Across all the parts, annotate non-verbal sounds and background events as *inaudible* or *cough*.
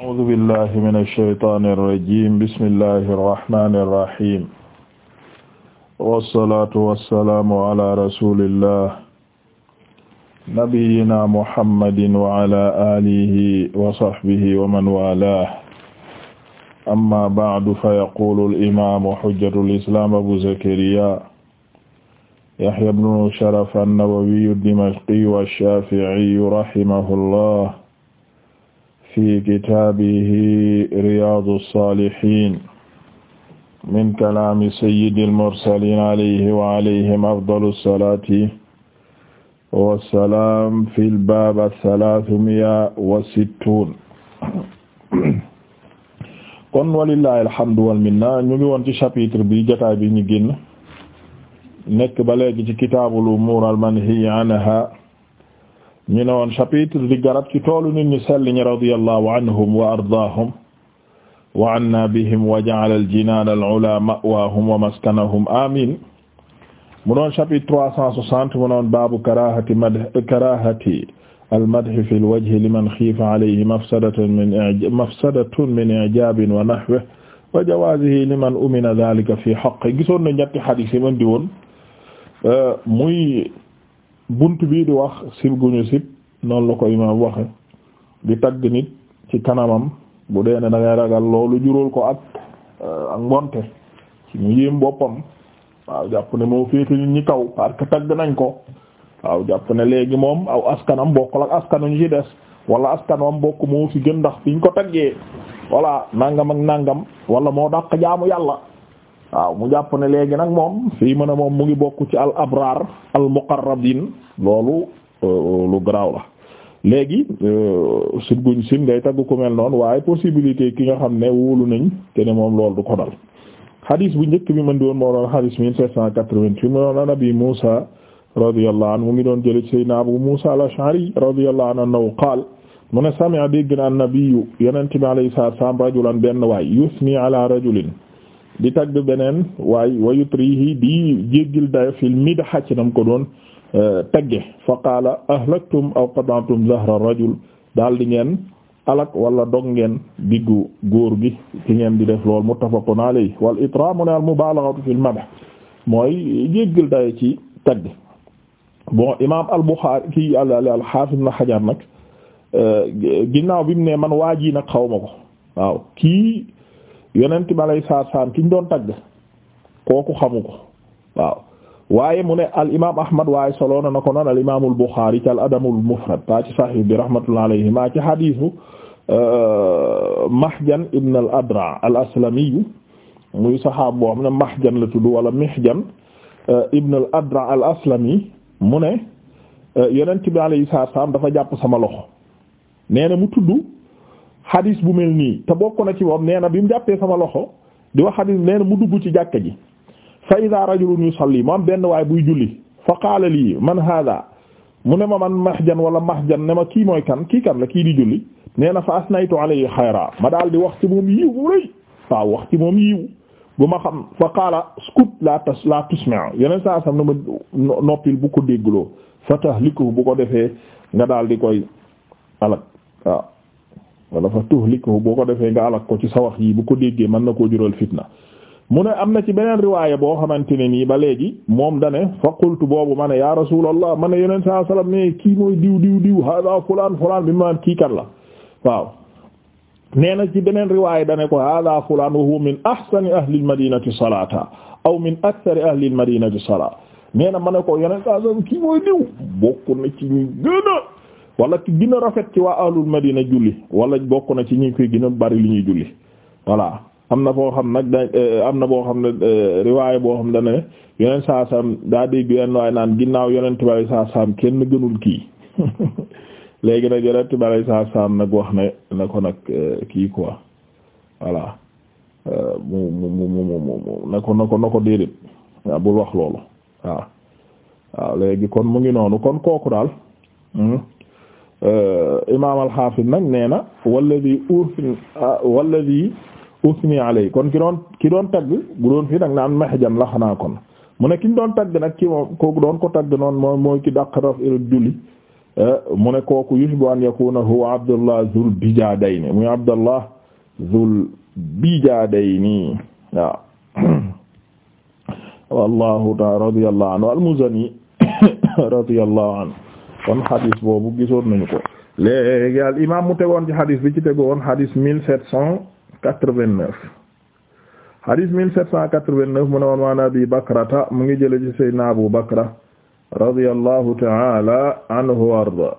a'uuzu billahi mina shaytaani rajiim bismillahi rahmaani rahiim wassalaatu wassalaamu ala rasuulillah nabiyyina muhammadin wa ala aalihi wa sahbihi wa man waalaahu amma ba'du fa yaquulu al-imaamu hujjatul islaam abu zakariyaa yahyaa ibnu sharaf an-nawawiyu ad-dimashqiyu ash-shaafi'iyu rahimahullah fi kitaabihi riyaadu saalihiin min kalaami sayyidil mursaliin alayhi wa alayhim afdalu salaati wa salaam fil baab salaasumiya wa sittuun. kon walillaahi alhamdu wal minna ñu ngi woon ci chapitre bi jotaay bi ñu génn nekk ba léegi ci kitaabul umuur al manhiyyi anhaa ñu ne woon chapitre di garab ci toolu nit ñu sell ñi radiyallahu anhum wa ardaahum wa anna bihim wa ja'ala al-jinaan al-'ulaa ma'waahum wa maskanahum amiin mu doon chapitre trois cent soixante mu doon baabu karaahati madh karaahati al-madhi fi al-wajhi liman khiifa alayhi mafsadatun min mafsadatun min i'jaabin wa nahwihi wa jawaazihi liman umina dhaalika fi haqqihi gisoon na ñetti hadiis yi man di woon euh, muy bunt bii di wax sib guñu sib noonu la koy imaam waxe di tagg nit ci kanamam bu dee ne da ragal loolu juróol ko ak euh, ak ngonte ci mu boppam waaw jàpp ne moo féete nit ñi kaw ka que nañ ko waaw jàpp ne léegi moom aw askanam bokkul ak askanu ñu ci des wala askanam bokk moo fi gën ndax fiñ ko taggee wala nangam ak nangam wala moo dàq jaamu yàlla waaw mu jàpp ne léegi nag moom fii mën a moom mu ngi bokk ci al abraar al muqarrabin loolu euh, lu garaaw la léegi euh, sutguñ sin ngay tagg ku mel noonu waaye possibilité ki nga xam ne wóolu nañ te ne moom loolu du ko dal hadis bu njëkk bi man di woon moo doon hadis mille sept cent quatre-vingt-huit mu doon an abi Musa mu ngi doon jële ci Seydina Abu Musa al-Ash'ari radiyallahu anhu annahu qaal mu ne sami'a dégg na an-nabiyyu yonent bi alayhi salaatu wa rajulan benn waay yusni ala rajulin di tagg beneen waay wayutrihi di jéggil fi fil midha ci nam ko doon euh, tagge fa qaala ahlaktum aw qata'tum zahra rajul daal di ngeen alak wala dog ngeen diggu góor gi ci ngeen di def lool muttafaqun alayhi wal itramu al mubaalaghatu fil madh mooy jéggil dayo ci tagg bon imam al Bukhari ki al hafiz ibn Hajar nag euh, ginnaaw bi ne man waa ji nag xaw ma ko waaw kii yonent ma lay saar saam ki ñu doon tagg kooku xamu ko waaw waaye mu ne al imaam Ahmad waaye solo na ko noon al imaamul Buxaari ci al adabul mufrad taa ci sahih bi rahmatullah alayhi maa ci hadiisu euh, Mahjan ibn al Adra al aslamiyu muy saxaab boo xam ne Mahjan la tudd wala Mihjan euh, ibn al Adra al aslami mu ne euh, yonent bi alayhi saar saam dafa jàpp sama loxo nee mu tudd xadis bu mel nii te bokk na ci moom nee na bi mu jàppee sama loxo di wax xadis nee na mu dugg ci jàkka ji fa ida rajulun yusalli mu am benn waay buy julli fa qaala lii man hada mu ne ma man mahjan wala mahjan ne ma kii mooy kan kii kan la kii di julli nee na fa asnaytu alayhi xayra ma daal di wax ci moom yiiw waaw wax ci moom yiiw bu ma xam fa qaala scout la tas la tusmi'a yeneen saa sam na ma noppil bu ko déggloo sa tahlikuhu bu ko defee nga daal di koy wala fa tuhlikuhu boo ko defee nga alak ko ci sa wax yi bu ko déggee mën na koo jural fitna mu ne am na ci beneen riwaaya boo xamante ne nii ba léegi moom dane fa qultu boobu ma ne ya rasulallah ma ne yeneen saa sallam ne kii mooy diw diw diw hada fulaan fulaan bi maan kii kan la waaw nee na ci beneen riwaaya dane ko hada fulaan wa huwa min ahsani ahli al madinati salata aw min akthari ahli al madinati salata na ma ne ko yeneen saa sallam kii mooy diw bokk wala ki gën a rafet ci waa ahlul madina julli wala bokk na ci ñi koy gën bari li ñuy julli voilà am na boo xam nag da eh, am na boo xam ne eh, riwaay boo xam ne ne yonent saa saam daa dégg yenn waay naan ginnaaw yonent balay saa saam kenn gënul kii *laughs* léegi nag yonent balay saa saam nag wax ne na ko nag eh, kii quoi voilà mu mu mu mu mu na ko na ko na ko déedéet waaw ah, bul wax loolu waaw ah. ah, waaw léegi kon mu ngi noonu kon kooku daal. Hmm? Euh, imaam al-Hafiz nag nee na walladhi uthni ah, walladhi uthni alay kon ki doon ki doon tagg bu doon fii nag naan mahjan la xanaa kon mu ne ki ñu doon tagg nag ki moom ko doon ko tagg noonu mooy mooy ki dàq raf il julli euh, mu ne kooku yushbu an yakuna huwa Abdullah Zul Bijadayni muy Abdullah Zul Bijadayni waaw *coughs* wallahu ta'ala radiyallahu anhu al-Muzani *coughs* radiyallahu anhu kon hadis boobu gisoon nañu ko léegi al imam mu tegoon ci hadis bi ci tegoon hadis mille sept cent quatre-vingt-neuf hadis mille sept mu ne woon waan abi bakrata mu ngi jële ci sayyidina abu bakra radiyallahu ta'ala anhu wa arda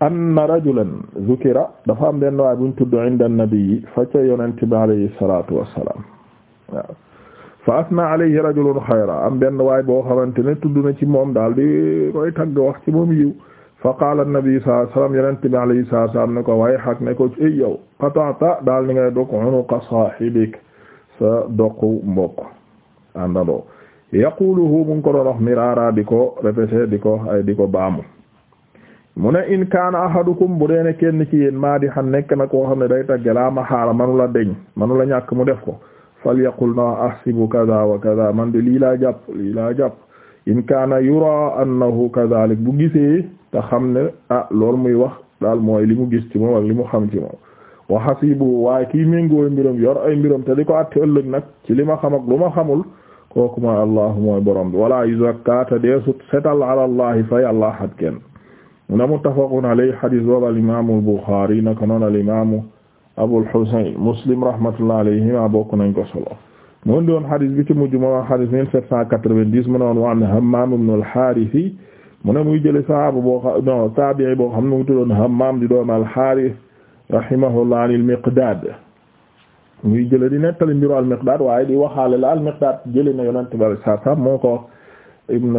anna rajulan zukira dafa am benn waay buñ tudd inda an-nabi fa ca yonent bi alayhi salatu wassalam waaw fa asna alayhi rajulun xayra am benn waay boo xamante ne tudd na ci moom daal di koy tagg wax ci moom yiw fa qaala annabi sallallahu alayhi wasallam yonent bi alayhi salaam ne ko waay xaq ne ko ay yow qata'ta daal ni ngay dog unuqa saahibik sa doqu mbokk àndandoo yaquluhu mu ngi ko doon wax miraara di ko répété di ko ay di ko baamu mu ne in kaana ahadukum bu deene kenn ci yéen maa di xam nekk na koo xam ne day tagge laa ma xaala manu la deñ manu la ñàkk mu def ko falyaqul na ahsibu kaza wa kaza man de lii laa jàpp lii laa jàpp in kaana yura annahu kadhalik bu gisee te xam ne ah loolu muy wax daal mooy li mu gis ci moom ak li mu xam ci moom wa hasibu waaye kii méngooy mbiram yor ay mbiram te di ko atte ëllëg nag ci li ma xam ak lu ma xamul kooku ma allahu mooy borom bi wala yuzakkata deesut setal ala allahi fay àllah hat kenn na muttafaqun alayhi hadis boobu al imamu al Bukhari naka noon al imamu Abul Husayn Muslim rahmatullahi alayhima bokk nañ ko solo moom doon hadis bi ci mujj moom hadis 1790 mu ne woon waan Hammaam ibn al-Haarith mu ne muy jële sahaaba boo xam non taabi'i boo xam ne mu tuddoon Hammaam di doon al-Haarith rahimahullah an al-Miqdaad muy jële di nettali mbiru al-Miqdaad waaye di waxaale la al-Miqdaad jële na Yonent bi sallallahu alayhi wa sallam moo ko ibn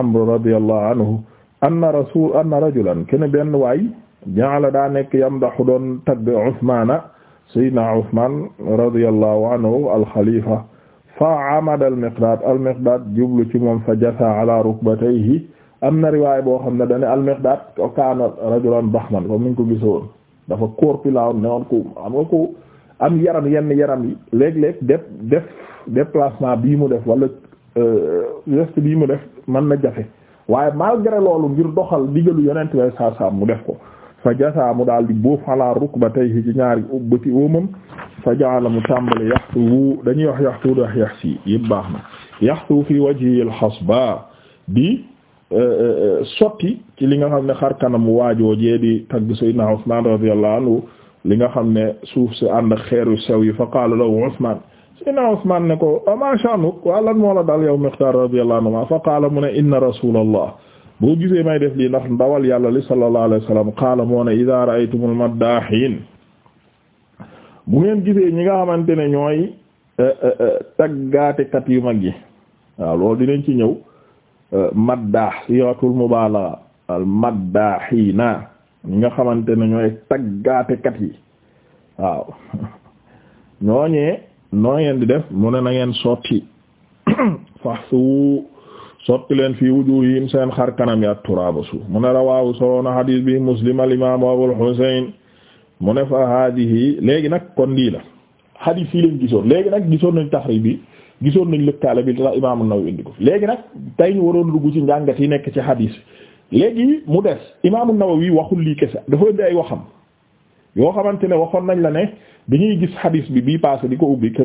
Amr radiyallahu anhu anna rasul anna rajulan kenn benn waay jaala daa nekk yamdahu doon tagg Usmaana sayyidina Usmaan radiyallahu anhu al-xalifa fa amada al-Miqdaad jublu ci moom fa jasa ala rukbatayhi am na riwaay boo xam ne dane al-Miqdaad kaana rajulan bahman comme niñ ko gisoon dafa corpulent ne woon ku am nga yaram yenn yaram yi léeg-léeg bii mu def wala euh, geste bii mu def mën na jafe waaye malgré loolu ngir doxal digalu yonent way saa mu def ko fa jasa mu daal di boof ala rukbatayhi ci ñaari bëti óomam fa jaala mu tàmbale yaxtuwu dañuy wax yaxtuwu dax yax si yëpp baax na yaxtuwu fi wajhi al hasba di eh, eh, eh, sotti ci li nga xam ne xar kanam waajoojee di tagg sayyidina Usman radiyallahu anhu li nga xam ne suuf si ànd ak xeeru sew yi fa qaala lahu Usman sayyidina Usman ne ko ah, ma sha'nuk wa lan moo la dal yow Miqdaar radiyallahu anhu fa qaala mu ne inna rasulallah boo gisee may def lii ndax ndawal yàlla li sallallahu alayhi wasallam qaala moo ne idaa ra'aytumul maddahiin bu ngeen gisee ñi nga xamante ne ñooy eh, eh, eh, taggaatekat yu mag yi waaw loolu dinañ ci ñëw maddah siyatul mubaalaga al maddahiina ñi nga xamante ne ñooy taggaatekat yi waaw *laughs* ñooñee noo ngeen di def mu ne na ngeen sotti *coughs* faxsu sotti leen fii wujuhihim seen xar kanam ya turaaba suuf mu ne rawaahu soloona hadis bi muslim al imaamu abul husayn mu ne fa haadihi léegi nag kon lii la hadis yi lañ gisoon léegi nag gisoon nañ taxrij bi gisoon nañ lëkkaale bi tax imaamu Nawawi indi ko léegi nag tey ñu waroon dugg ci njàngat yi nekk ci hadis léegi mu des imaamu Nawawi waxul lii kese dafa indi ay waxam yoo xamante ne waxoon nañ la ne dañuy gis hadis bi bii passé di ko ubbi que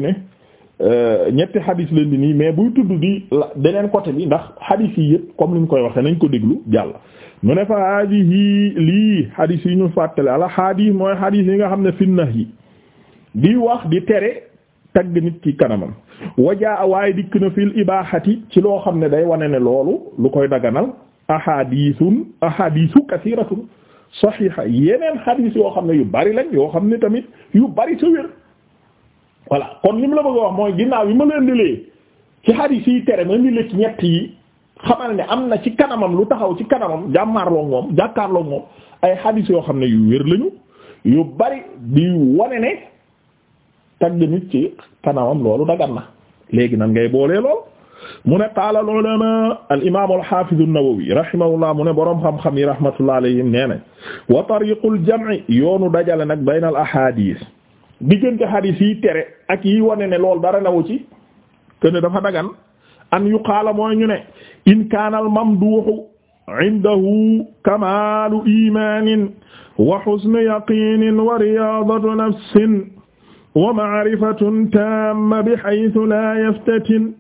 Euh, ñetti xadis leen di nii mais buy tudd di beneen côté bi ndax xadis yi yëpp comme ni ñu koy waxee nañ ko déglu jàll mu ne fa haadihi lii xadis yi ñu fàttale ala xadis mooy xadis yi nga xam ne fi nax yi di wax di tere tagg nit ki kanamam wajaa waaye dikk na fil ibaaxati ci loo xam ne day wane ne loolu lu koy daganal ahadiisun ahadiisu kasiiratun saxiixa yeneen xadis yoo xam ne yu bari lañ yoo xam ne tamit yu bari sa wér voilà kon lim la bëgg a wax mooy ginnaaw yi ma leen dilee ci hadith yi tere ma indi la ci ñett yi ne am na ci kanamam lu taxaw ci kanamam jàmmaarloo moom jàkkaarloo moom ay hadith yoo xam ne yu wér lañu yu bari di wane ne tagg nit ci kanamam loolu dagan na léegi nan ngay boole lool mu ne qaala al ulama al imam al hafiz mu ne boroom xam-xam yi rahmatullah alayhim nee na wa tariqul jam'i yoonu dajale nag bayna al ahadith diggante xadis yi tere ak yi wane ne loolu dara nawu ci te ne dafa dagan an yu qaala mooy ñu ne in kaana al mamduuhu indahu kamaalu imaanin wa husnu yaqiinin wa riyaadatu nafsin wa ma'rifatun taamma bi haythu laa yaftatin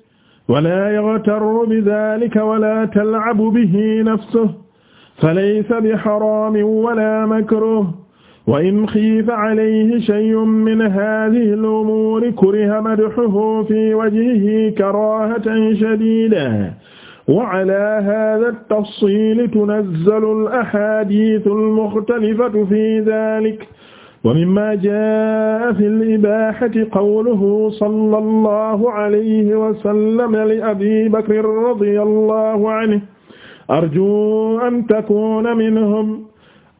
wa laa yaghtarru bi dhaalika wa laa tal'abu bihi nafsuhu fa laysa bi haraamin wa laa makruuh wa in xiifa alayhi shay'un min haadihi al-umuuri kuriha madxuhu fi wajhihi karaahatan shadiidatan wa alaa haadha at-tafsiili tunazzalu al-ahaadiisu al-muxtalifatu fi dhaalika wa mimmaa jaa'a fi al-ibaahati qawluhu sallallahu alayhi wa sallam li Abii Bakrin radiyallahu anhu arjuu an takuuna minhum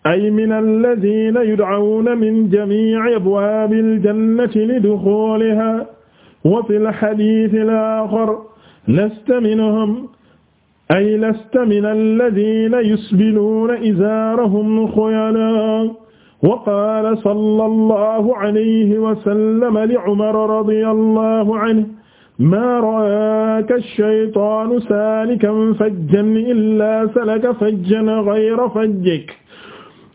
ay min alladina yud'awna min jami'i abwaabi aljannati liduxuuliha wa fi lxadiisi alaaxar lasta minhum ay lasta min alladina yusbiluuna izaarahum xuyalaa wa qaala sallallahu alayhi wa sallam li Umar radiyallahu anhu maa raaka ash-shaytaanu saalikan fajjan illaa salaka fajjan gayra fajjik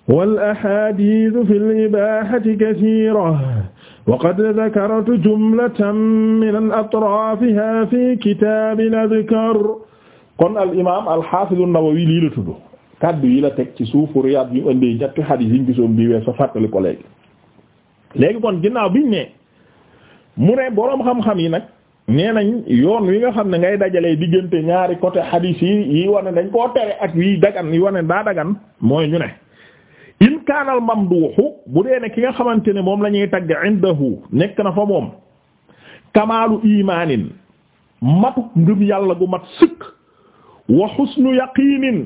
wal axaadiisu fil ibaahati kasiira wa qad dakartu jumlatan min atraafihaa fi kitaabil azkaar kon al imaam al xaafiz an-Nawawi lii la tudd kaddu yi la teg ci suufu Riyaad bi mu ëndee ñetti xadiis yi ñu gisoon bii weesu fàttali ko léegi. léegi kon ginnaaw biñ ne mu ne boroom yi nag nee nañ yoon wi nga xam ne ngay dajalee diggante ñaari côté xadiis yi yi wane dañ koo ak yi dagan yi wane daa dagan mooy ñu ne. in kaanal mamduuxu bu dee ne ki nga xamante ne moom la ñuy tagg indahu nekk na fa moom kamaalu imaanin matuk ngëm yàlla gu mat sëkk wa xusnu yaqiinin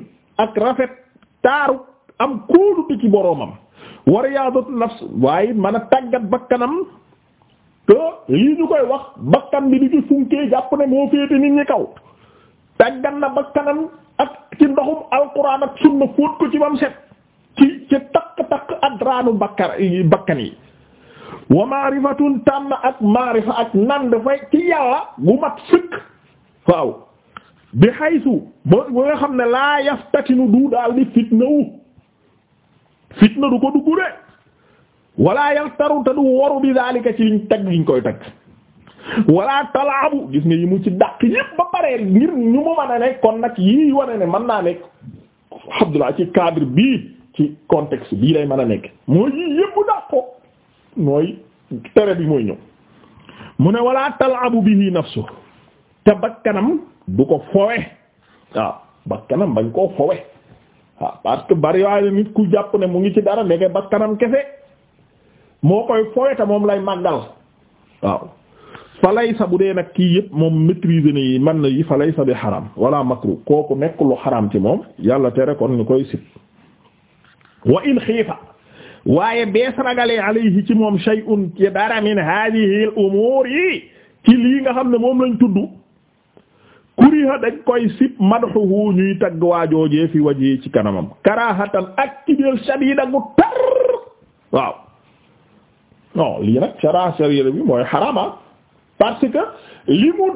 ak rafet taaru am kóolute ci boroomam wa riyaadatu nafs waaye mën a tàggat bakkanam te lii ñu koy wax bakkan bi di ci funkee jàpp ne moo féete nit ñi kaw tàggat na bakkanam ak ci ndoxum alquran ak sunna fóot ko ci bam ci ci takk-takk adraanu bakkar bakkan yi wa maarifatun tànn ak maarifa ak nan dafay ci yàlla bu mat sëkk waaw bi haysu ba ba nga xam ne laa yaftatinu du daal di fitnawu fitna du ko dugg de wala yaltaru te du waru bi daalika ci liñ tag liñ koy tag wala talaabu gis nga yi mu ci dàq yépp ba paree ngir ñu mu mën a ne kon nag yii wane ne mën naa nekk Abdullah ci cadre bii ci contexte bii lay mën a nekk mooy yii yëpp dàq mooy tere bi mooy ñëw mu ne wala tal'abu bihi nafsu te bakkanam du ko fowe waaw bakkanam bañ koo fowe waaw parce que bari waaye nit ku jàpp ne mu ngi ci dara ndeke bakkanam kese moo koy fowe te moom lay màggal waaw falaysa bu dee nag kii yëpp moom maîtriser na yi man na yi falaysa bi xaram wala makru kooku nekk lu xaram ci moom yàlla tere kon ñu koy sit wa waaye bees ragalee alayhi ci moom shay'un ci dara min hadihi al umuur yi ci lii nga xam ne moom lañ tudd kuriha dañ koy sip madhuhu ñuy tagg waajoojee fi waje ci kanamam karahatan ak ci biir shadida gu tar waaw non lii nag cara sharira bi mooy xarama ah. parce que li mu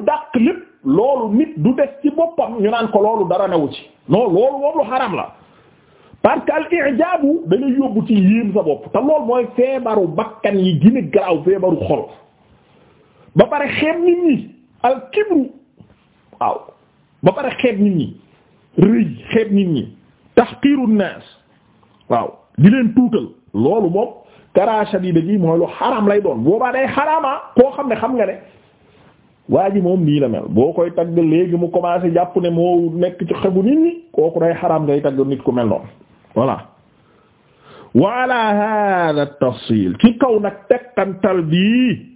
loolu nit du des ci boppam ñu naan ko loolu dara newu ci non loolu moom lu xaram la parce que al i'jaabu da ngay yóbbu ci yéem sa bopp te lool mooy feebaru bakkan yi gën a garaaw feebaru xol ba pare xeeb nit ñi al kibru waaw ba pare xeeb nit ñi rëy xeeb nit ñi tahqiru naas waaw di leen tuutal loolu moom kara shadida ji mooy lu xaraam lay doon boobaa day xaraamaa ah, koo xam ne xam nga ne waa ji moom nii la mel boo koy tagg léegi mu commencé jàpp ne moo nekk ci xebu nit ñi kooku day xaraam ngay tagg nit ku mel noonu voilà wa ala hada tafsil ci kaw nag tekkantal bi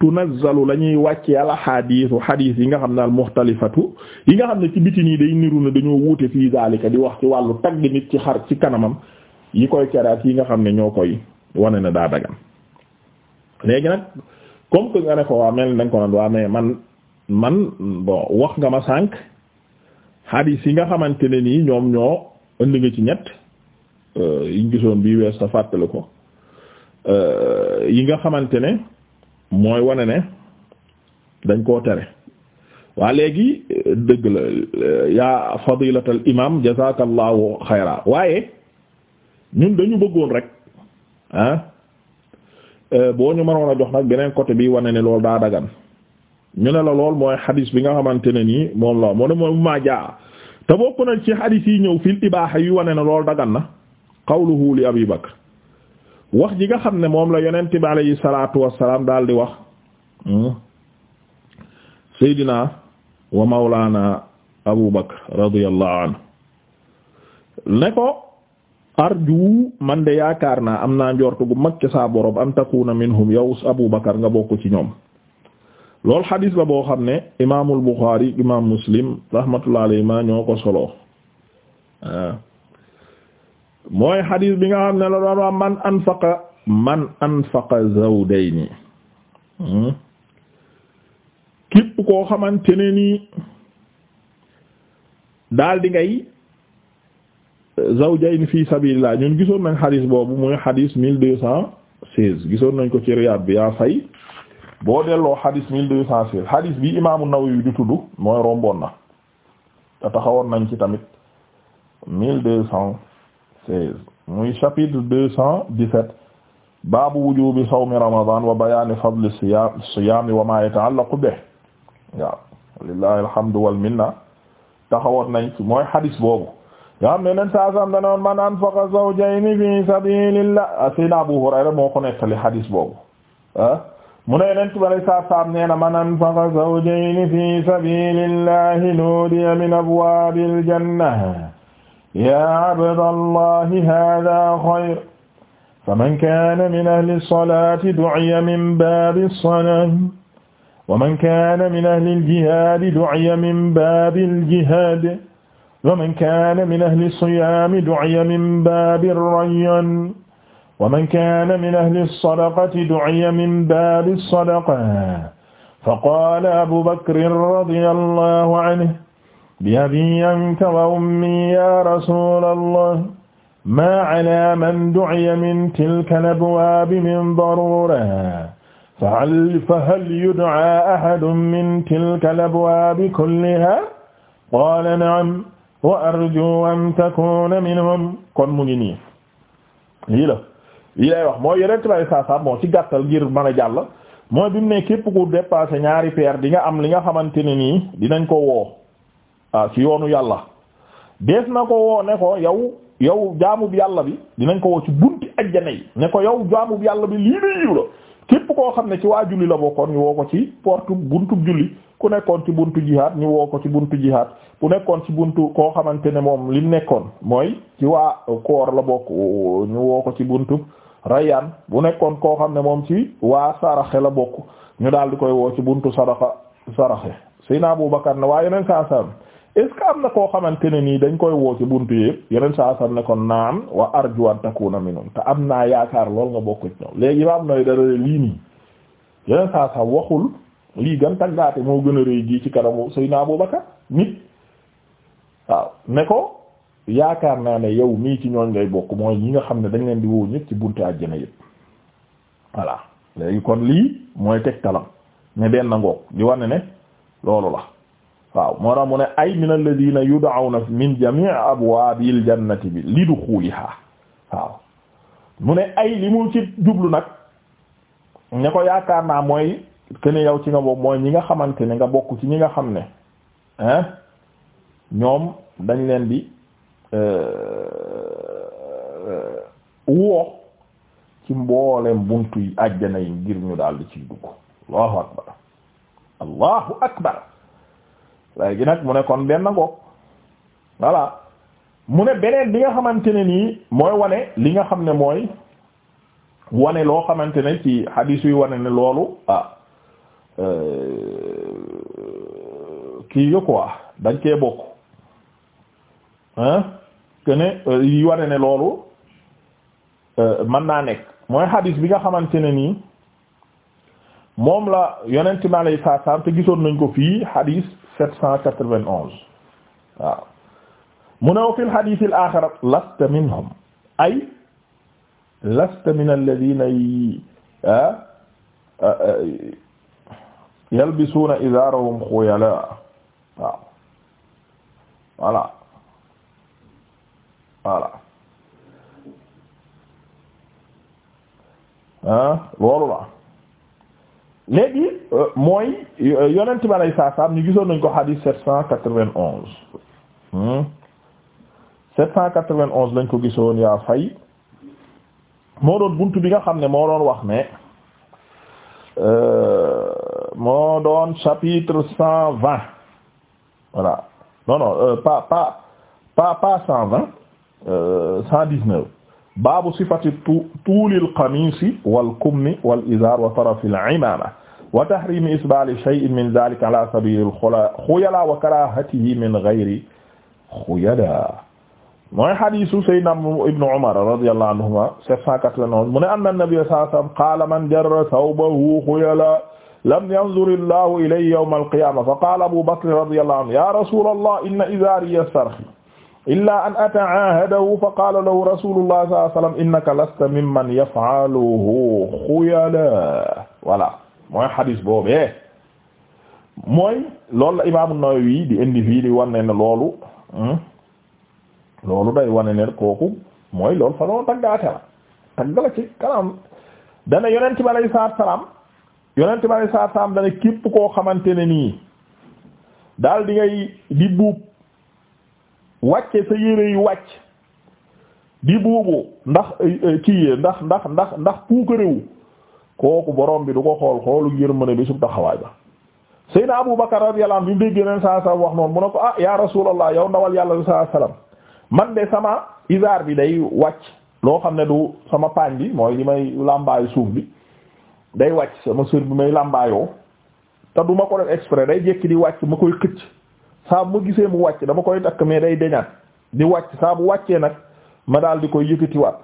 tunazzalu la ñuy wàcce al ahadisu hadis yi nga xam ne al muxtalifatu yi nga xam ne ci biti nii day niru ne dañoo wuute fii zalika di wax ci wàllu tagg nit ci xar ci kanamam yi koy ceraat yi nga xam ne ñoo koy wane na daa dagan léegi nag comme que nga ne ko waa mel ni da ko naan waa mais man man bon wax nga ma sànq hadis yi nga xamante ne nii ñoom ñoo indi nga ci ñett Euh, yiñ gisoon bii wees sa fàttali ko euh, yi nga xamante ne mooy wane ne dañ koo tere waa léegi euh, dëgg la yaa fadilatal imam jazakallahu xayra waaye ñun dañu bëggoon rek ah boo ñu mënoon a jox nag beneen côté bi wane ne loolu daa dagan ñu ne la lool mooy xadis bi nga xamante ne nii moom la moo ne mooy mu te bokk na ci xadis yi ñëw fil ibaaxa yi wane ne loolu dagan na qawluhu li abi wax ji nga xam ne moom la yonent bi alayhi salaatu wassalaam daal di wax hmm? seydina wa mawlaana abu bakr radiyallahu ne ko arju man de yaakaar naa am naa njortu gu mag ca saa borom an takuna minhum yow abu bakar nga bokk ci ñoom loolu xadiis la boo xam ne imaamul buxaari imaam muslim rahmatullahi alayhi ma ñoo ko solo mooy xadis bi nga xam ne la doon wax man anfaqa man anfaqa zawdayni hmm? képp koo xamante ne nii daal di ngay euh, zawjayni fi sabilillah ñun gisoon nañ xadis boobu muy xadis mille deux cent seize gisoon nañ ko ci Riyad bi yaa fay boo delloo xadis mille deux cent seize xadis bi imaamu Nawawi di tudd mooy romboon na te taxawoon nañ ci tamit mille deux cent seize muy chapitre deux cent dix-sept baabu wujubi sawmi ramadan wa bayaani fadli siyam siyaami wa ma yataallaqu bih waaw lillahi alhamdu wal minna taxawoon nañ ci mooy hadis boobu nga xam ne nen saasam danoon man anfaqa zawjayni fi sabilillah ah, sayna Abu Hurayra moo ko nettali hadis boobu ah mu ne yonent bi alayhi salaatu salaam nee na man anfaqa zawjayni fi sabilillahi nuudiya min abwaabil janna yaa abdallahi haadaa xayr faman kaana min ahli salaati du'iya min baabi salaam wa man kaana min ahli jihaadi du'iya min baabi jihaad wa man kaana min ahli siyaami du'iya min baabi rayyaan wa man kaana min ahli sadaqati du'iya min baabi sadaqa faqaala abuu bakrin radiyallaahu anhu bi abii anka wa ummi ya rasulallah maa ala man du'iya min tilka al-abwaabi min daruura fahal yud'aa ahadun min tilka al-abwaabi kullihaa qaala na'am wa arjuu an takuuna minhum kon mu ngi nii lii la lii lay wax mooy yeneen tubaab yi saa saa moo ci gàttal ngir mën a mooy bi mu ne képp ku dépassé ñaari paire di nga am li nga xamante ne nii dinañ ko woo. waaw ah, ci yoonu yàlla dees na ko woo ne ko yow yow jaamub yàlla bi dinañ ko woo ci bunti ajjana yi ne ko yow jaamub yàlla bi lii day la képp koo xam ne ci waa julli la bokkoon ñu woo ko ci portu buntub julli ku nekkoon ci buntu jihaad ñu woo ko ci buntu jihaad ku nekkoon ci buntu koo xamante ne moom li nekkoon mooy ci waa koor la bokk ñu woo ko ci buntu rayaan bu nekkoon koo xam ne moom ci waa saraxe la bokk ñu daal di koy woo ci buntu sadaqa saraxe sëy na Abu Bakar ne waa yeneen saa est ce am na koo xamante ne nii dañ koy woo ci buntu yëpp yeneen saa sam ne ko naam wa arju an takuna minhum te am naa yaakaar lool nga bokk ci ñoom léegi imaam Nawawi dara lii nii yeneen saa sam waxul lii gan taggaate moo gën a rëy gi ci kanamu Seydina Abu Bakar nit waaw ne ko yaakaar naa ne yow mii ci ñooñ ngay bokk mooy ñi nga xam ne dañ leen di woo ñëpp ci buntu àjjana yëpp voilà léegi kon lii mooy teg tegtalam ne benn ngoog di wane ne loolu la waaw moo tax mu ne ay min alladina yud'awna min jami' abwabil jannati bi li duxuliha waaw mu ne ay li mu ci jublu nag ne ko yaakaar naa mooy kene yow ci nga boobu mooy ñi nga xamante ne nga bokk ci ñi nga xam ne ñoom dañ leen di euh, euh, woo ci mboolem buntu yi àjjana yi ngir ñu daal di ci dugg allahu akbar allahu akbar léegi nag mu ne kon benn ngoog voilà mu ne beneen bi nga xamante ne nii mooy wane li nga xam ne mooy wane loo xamante ne ci hadis yi wane ne loolu ah kii nga dañ cee bokk ah ne yi wane loolu mën naa nekk mooy hadis bi nga xamante ne nii moom la yonent mi alayhi salaam te gisoon nañ ko fii hadis. 791 waaw mu ne wa fil hadiisil aaxar lasta minhum ay lasta min alladhiina yalbisuuna izaarahum xuyalaa waaw voilà voilà loolu la léegi mooy yonent bi alayhi salaam ñu gisoon nañ ko hadith sept cent quatre-vingt-onze hmm? lañ ko gisoon yaa fay moo doon buntu bi nga xam ne moo doon wax ne euh, moo doon chapitre cent vingt voilà non non euh, pas pas pas pas cent vingt euh, cent dix-neuf baabu sifati tuulil wal kummi wal izaar wa tarafil imaama wa tahrimi isbali shay'in min dhalika ala sabili alxuyala wa karahatihi min ghayri xuyala mooy hadisu sayyidina ibnu umar radiyallahu anhuma 791 mu ne anna nabiyya sallallahu alayhi wa sallam qaala man jarra thawbahu xuyala lam yanzur illahu ilayhi yawma alqiyama fa qaala abu bakr radiyallahu anhu ya rasula allah inna izari yastarxi illa an ata'ahadahu fa qaala lahu rasulullah sallallahu alayhi wa sallam innaka lasta mimman yaf'aluhu xuyala voilà mooy xadis boobee mooy loolu la imaamu Nawawi di indi fii di wane ne loolu hmm, loolu day wane ne kooku mooy loolu fa loolu taggaate la tagg ci kanam dana yonent bi alayhi salaatu salaam yonent bi alayhi salaatu salaam dana képp koo xamante ne nii daal di ngay di buub wàcce sa yére yu wàcc di buubu ndax eh, eh, kii ndax ndax ndax ndax puukarewu kooku boroom bi du ko xool xoolu yërmande bi su taxawaay ba Seydina Abu Bakar radiyallahu anhu bi mu déggee neen saa sallam wax noonu mu ne ko ah ya rasulallah yow ndawal yàlla saa saa sallam man de sama isaar bi day wàcc loo xam ne du sama paañ bi mooy li may làmbaayu suuf bi day wàcc sama sër bi may làmbaayoo te du ma ko def exprès day jekki di wàcc ma koy këcc saa bu ma gisee mu wàcc dama koy takk mais day deñaat di wàcc saa bu wàccee nag ma daal di koy yëkkatiwaat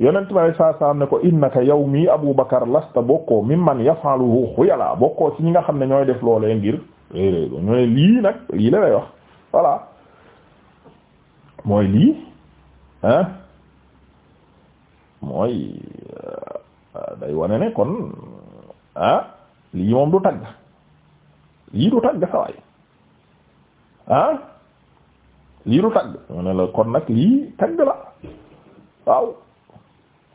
yonent bi saa saa ne ko innaka yow mii Abu Bakar lasta bokkoo mimman yaf'aluhu xuyala bokkoo ci ñi nga xam ne ñooy def loolee ngir eh, ñooy lii nag lii la lay wax voilà mooy lii ah mooy euh, day wane ne kon ah lii moom du tagg lii du tagg sawaay ah lii du tagg mu ne la kon nag lii tagg la waaw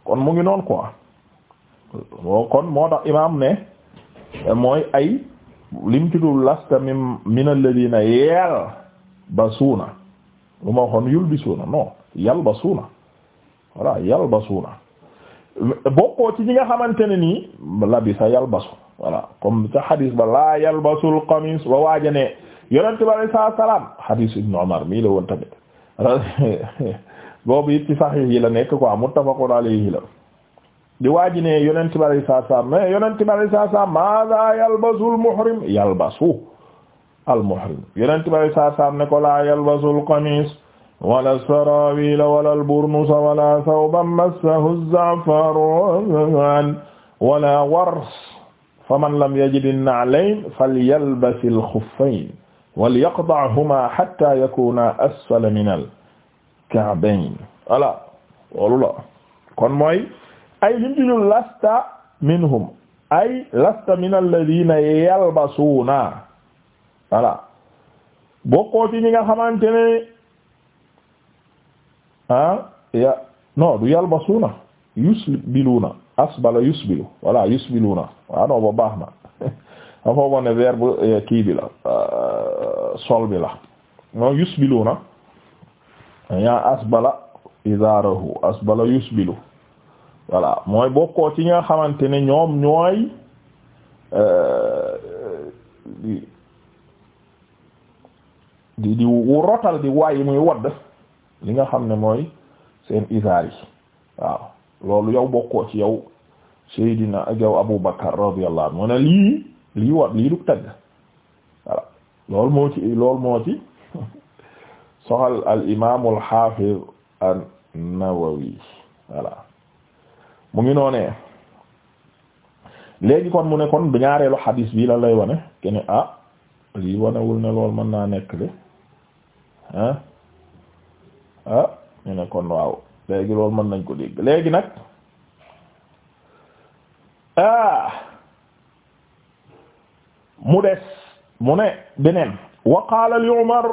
kon mu ngi noon quoi kon moo tax imaam ne mooy ay lim ci dul lasta min min alladina yalbasuuna lu ma waxoon yulbisuuna non yalbasuuna voilà yalbasuuna bokkoo ci ñi nga xamante ne nii labisa yalbasu voilà comme ca xadis ba laa yalbasul qamis ba waajane yonente bi alayhi salaam xadis ibnu Umar mii la woon tamit boobu it ci saxiix yi la nekk quoi muttafaqun alayhi la di waaji ne yonent bi alayhi salaatu salaam mais yonent bi alayhi salaatu salaam maada yalbasul muhrim yalbasu al muhrim yonent bi alayhi salaatu salaam ne ko laa yalbasul qamis wala sarawila wala alburnusa wala sawban massahu za'faraan wala wars faman lam yajid an-na'layn falyalbas al-khuffayn walyaqda'huma hatta yakuna asfala minal ka'bayn voilà loolu la kon mooy ay lim ci ñu lasta minhum ay lasta min alladhina yalbasuuna voilà bokkoo ci ñi nga xamante ne ah ya non du yalbasuuna yusbiluuna asbala yusbilu voilà yusbiluuna waaw ah, non ba baax na a foogoon ne verbe eh, kii bi la euh, sol bi la non yaa asbala izaarahu asbala yusbilu voilà mooy bokkoo ci nga xamante ne ñoom ñooy euh, di di wu rotal di waayi muy wadd li nga xam ne mooy seen isaar yi waaw loolu yow bokkoo ci yow Seydina yow Abu Bakar radiyallahu anhu mu ne lii lii wa lii du tagg voilà loolu moo ci loolu *laughs* soxal al imaam al xaafiz an-Nawawi voilà mu ngi noonee léegi kon mu ne kon ñaareelu xadiis bi la lay wane kene ah lii wanewul ne lool mën naa nekk de ah ah ñu ne kon waaw léegi loolu mën nañ ko dégg léegi nag ah mu des mu ne beneen wa qaala li Umar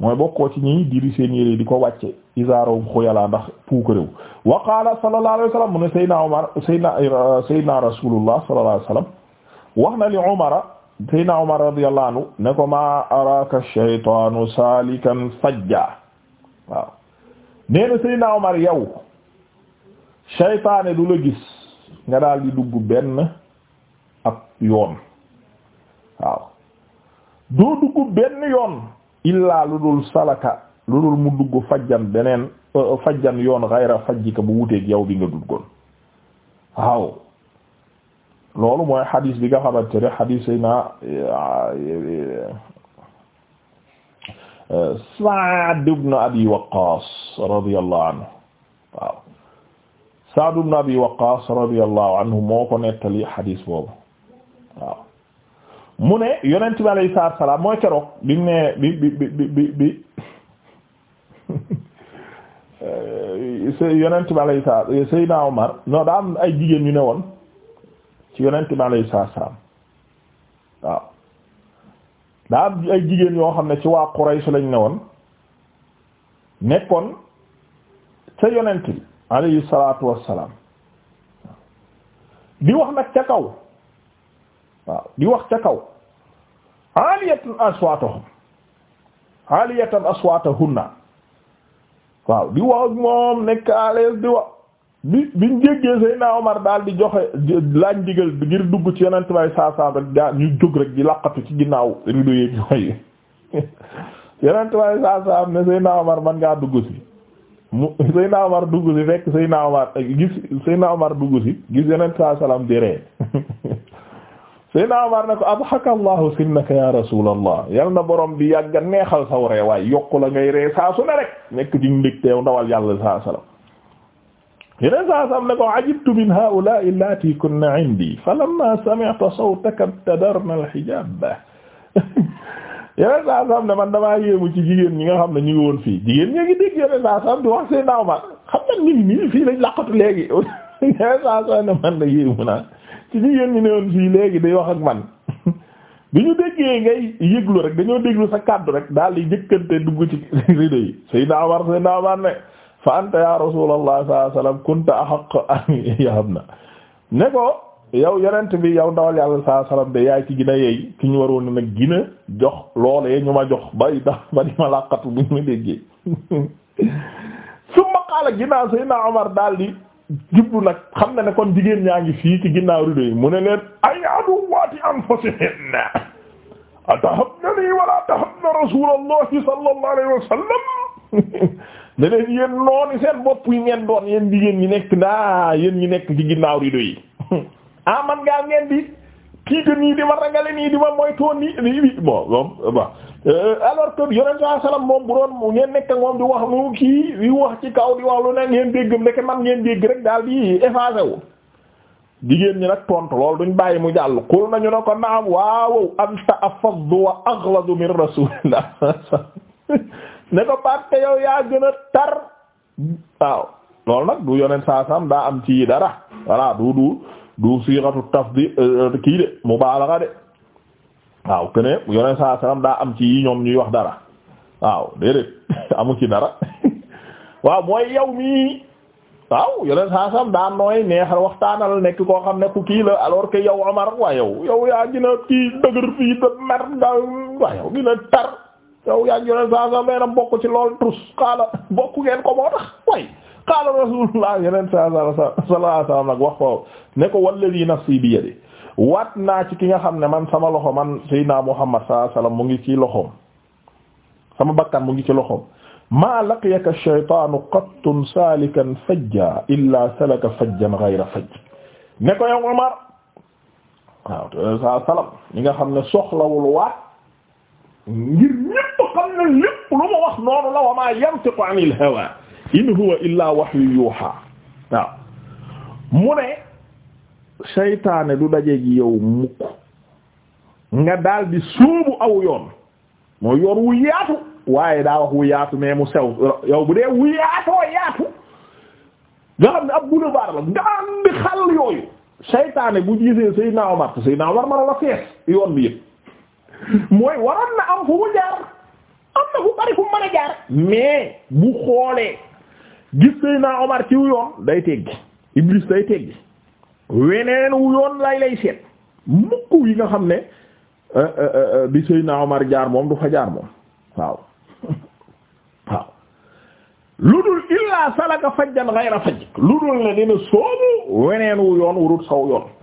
mooy bokkoo ci ñi diri seen yére di ko wàcce isaaroom xuyalaa ndax puukaréew wa qaala sallallahu alayhi wa sallam mu ne saydna omar saydna euh, wax na li omara saydna omar radiyallahu ne ko ma araka shaytaanu salikan fajja waaw nee na saydna omar shaytaane du la gis nga daal di dugg benn ab yoon waaw doo dugg benn yoon illaa lu dul salaka lu dul mu dugg fajjan beneen euh, euh, fajjan yoon xayra fajjika bu wuteeg yow bi nga duggoon waaw loolu mooy xadiis bi nga xamante ne xadiis yi naa euh, Saad ibn Abi Waqqas radiyallahu anhu waaw Saad ibn Abi Waqqas radiyallahu anhu moo ko nettali xadiis boobu waaw mu ne yonent bi alayhi salaatu wa mooy keroog bi mu ne bi bi bi bi bi *laughs* yonent bi alayhi salaatu Seydina Omar non daa am ay jigéen yu ne woon ci yonent bi alayhi salaatu wa waaw daa am ay jigéen yoo xam ne ci waa Quraysh lañu ne woon nekkoon sa yonent bi alayhi salaatu salaam di wax nag ca kaw. waaw di wax ca kaw aliyatan aswatahum aliyatan aswatahunna waaw di wax moom nekk à di wax bi biñ jéggee Seydina Omar daal di joxe laaj ndigal ngir dugg ci yonent bay saasaam rek gaa ñu jóg rek di laqatu ci ginnaaw rido yeeg ñooyu yonent bay saasaam ne Seydina Omar man ngaa dugg si mu Seydina Omar dugg si fekk Seydina Omar gis Seydina Omar dugg si gis yonent saa di ree *laughs* Seydina Umar ne ko adhaka Allahu sinnaka ya rasulallah yal na borom bi yàgga neexal saw ree waaye yokku la ngay ree saa su ne rek nekk ci ndégteew ndawal yàlla saa sallam yeneen saa sallam ne ko ajibtu min haa'ulaa'i allati kunna indi falamma sami'tu al-hijaab *laughs* yeneen saa sallam ne man damaa yéemu ci jigéen ñi nga xam ne ñu ngi woon fii jigéen ñi ngi xam na nit ñi fii lañ laqatu léegi *laughs* yeneen saa sallam ne man la yéemu naa ci ñu yéen ñu ne woon fii léegi day wax ak man *laughs* bi ñu déggee ngay yëglu rek dañoo déglu sa kàddu rek daal di jëkkante dugg ci *laughs* rido yi Seydina Umar Seydina Umar ne fa anta ya Rasulullah sallallahu alayhi wasallam kunta ahaq *laughs* an yahabna ne ko yow yonent bi yow ndawal yàlla sa alayhi wasallam de yaay ci gina yeey ki ñu waroon nag gina jox loolee ñu ma jox bay da ba di ma làqatu bu ñu ma déggee summa qaala ginnaaw Seydina Umar daal di jublu nag xam na ne kon jigéen ñaa ngi fii ci ginnaaw rido yi mu ne leen ay aduwaati anfusihinna atahabnani wala tahabna rasulallahi sallallahu alayhi wa sallam *laughs* ne leen yéen noonu seen bopp yi ngeen doon yéen jigéen ñi nekk naa yéen ñi nekk ci ginnaaw rido yi *laughs* ah man gaa ngeen di kii nii di ma ragale nii di ma moytoo nii bon bon Euh, alors que yonent saa salaam moom bu doon ngeen nekk ak di wax lu kii di wax ci kaw di wax lu ne ngeen dégg ndeke man ngeen dégg rek daal di effacé wu. jigéen ñi nag tontu loolu duñ bàyyi mu jàll kul nañu ne ko naam waaw anta afaddu wa aghladu min rasulillah *laughs* ne ko parce que yow yaa gën a tar waaw loolu nag du yonent saa daa am ci dara voilà du du du siiratu tafdi euh, kii de mubaalaga de. waaw que ne yoneen saa salaam daa am ci yi ñoom ñuy wax dara waaw déedéet *laughs* amu ci dara *laughs* waaw mooy yow mii waaw yoneen saa salaam daa nooy neexal waxtaanal nekk koo xam ne ku kii la alors que yow Omar waa yow yow yaa gën a kii dëgër fii da mer nga waa yow gën tar yow yaa yoneen saa salaam nee bokk ci lool trus xaala *laughs* bokk ngeen ko moo tax way xaala rasulullah yeneen saa salaam nag wax ko ne ko walladi nafsi bi yadi waat naa ci ki nga xam ne man sama loxo man sayyidina Muhammad sallallahu alayhi wasallam mu ngi ci loxoom sama bakkan mu ngi ci loxoom maa laqiyaka ash-shaytaanu qattun saalikan fajja illaa salaka fajjan ghayra fajj ne ko yow Umar waaw te sa salam ñi nga xam ne soxlawul waat ngir ñépp xam ne lépp lu ma wax noonu la wa maa yantiqu anil hawaa in huwa illaa wahyun yuuhaa waaw mu ne seytaane du dajeeg yow mukk nga daal di sóobu yoon mooy yoon wu yaatu waaye daa wax wu yaatu mais mu sew yow bu dee wu yaatoo yaatu nga xam ne ab boulevard la nga am di xal yooyu seytaane bu gisee Seydina Omar Seydina Omar mara la fees yoon bi yëpp mooy waroon na am fu mu jaar am na fu bari fu mën jaar mais bu xoolee gis Seydina Omar ci yoon day teggi Iblis day teggi weneen wu yoon lay lay seet mukk yi nga xam ne euh, euh, euh, bi Seydina Omar jaar moom du fa jaar moom waaw *laughs* waaw lu dul illaa salaka fajjan ghayra fajj lu dul ne dina soobu weneen wu yoon wurut saw yoon